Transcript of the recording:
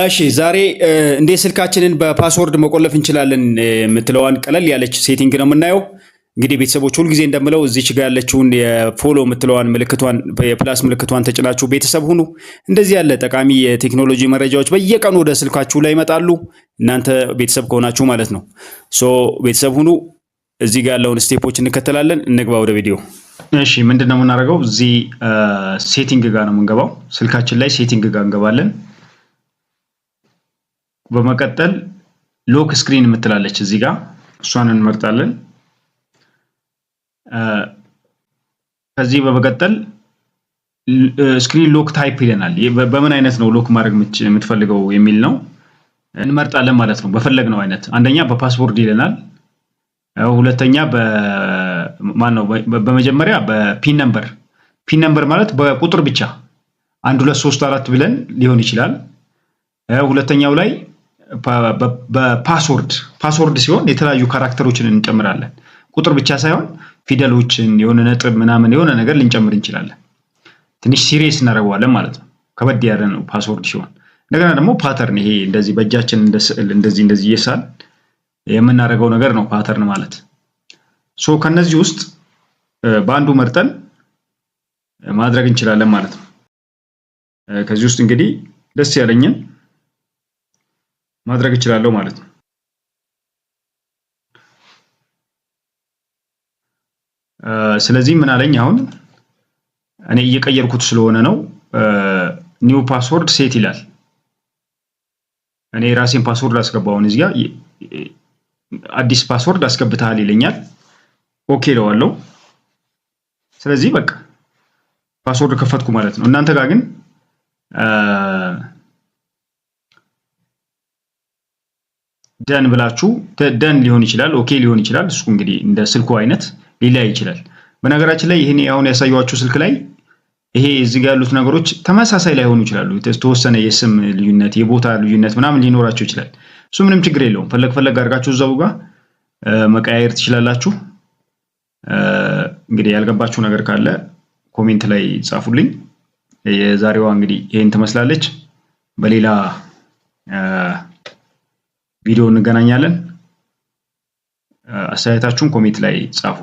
እሺ ዛሬ እንዴት ስልካችንን በፓስወርድ መቆለፍ እንችላለን የምትለዋን ቀለል ያለች ሴቲንግ ነው የምናየው። እንግዲህ ቤተሰቦች ሁልጊዜ እንደምለው እዚች ጋር ያለችውን የፎሎ የምትለዋን ምልክቷን የፕላስ ምልክቷን ተጭናችሁ ቤተሰብ ሁኑ። እንደዚህ ያለ ጠቃሚ የቴክኖሎጂ መረጃዎች በየቀኑ ወደ ስልካችሁ ላይ ይመጣሉ፣ እናንተ ቤተሰብ ከሆናችሁ ማለት ነው። ሶ ቤተሰብ ሁኑ። እዚህ ጋር ያለውን ስቴፖች እንከተላለን። እንግባ ወደ ቪዲዮ። እሺ ምንድን ነው የምናደርገው? እዚህ ሴቲንግ ጋር ነው የምንገባው። ስልካችን ላይ ሴቲንግ ጋር እንገባለን። በመቀጠል ሎክ ስክሪን የምትላለች እዚህ ጋ እሷን እንመርጣለን። ከዚህ በመቀጠል ስክሪን ሎክ ታይፕ ይለናል። በምን አይነት ነው ሎክ ማድረግ የምትፈልገው የሚል ነው እንመርጣለን ማለት ነው። በፈለግነው አይነት አንደኛ በፓስወርድ ይለናል። ሁለተኛ በማን ነው በመጀመሪያ በፒን ነምበር። ፒን ነምበር ማለት በቁጥር ብቻ አንድ ሁለት ሶስት አራት ብለን ሊሆን ይችላል። ሁለተኛው ላይ በፓስወርድ ፓስወርድ ሲሆን የተለያዩ ካራክተሮችን እንጨምራለን። ቁጥር ብቻ ሳይሆን ፊደሎችን፣ የሆነ ነጥብ ምናምን የሆነ ነገር ልንጨምር እንችላለን። ትንሽ ሲሪየስ እናደርገዋለን ማለት ነው። ከበድ ያለ ነው ፓስወርድ ሲሆን። እንደገና ደግሞ ፓተርን፣ ይሄ እንደዚህ በእጃችን እንደ ስዕል እንደዚህ እንደዚህ እየሳል የምናደርገው ነገር ነው ፓተርን ማለት። ሶ ከነዚህ ውስጥ በአንዱ መርጠን ማድረግ እንችላለን ማለት ነው። ከዚህ ውስጥ እንግዲህ ደስ ያለኝን ማድረግ እችላለሁ ማለት ነው። ስለዚህ ምን አለኝ አሁን እኔ እየቀየርኩት ስለሆነ ነው ኒው ፓስወርድ ሴት ይላል። እኔ የራሴን ፓስወርድ አስገባው። አሁን እዚያ አዲስ ፓስወርድ አስገብተሃል ይለኛል። ኦኬ ለዋለው። ስለዚህ በቃ ፓስወርድ ከፈትኩ ማለት ነው። እናንተ ጋር ግን ደን ብላችሁ ደን ሊሆን ይችላል፣ ኦኬ ሊሆን ይችላል። እሱ እንግዲህ እንደ ስልኩ አይነት ሊለያይ ይችላል። በነገራችን ላይ ይህን አሁን ያሳየኋችሁ ስልክ ላይ ይሄ እዚህ ጋር ያሉት ነገሮች ተመሳሳይ ላይሆኑ ይችላሉ። የተወሰነ የስም ልዩነት፣ የቦታ ልዩነት ምናምን ሊኖራቸው ይችላል። እሱ ምንም ችግር የለውም። ፈለግ ፈለግ አድርጋችሁ እዛው ጋር መቀያየር ትችላላችሁ። እንግዲህ ያልገባችሁ ነገር ካለ ኮሜንት ላይ ጻፉልኝ። የዛሬዋ እንግዲህ ይህን ትመስላለች። በሌላ ቪዲዮ እንገናኛለን። አስተያየታችሁን ኮሜንት ላይ ጻፉ።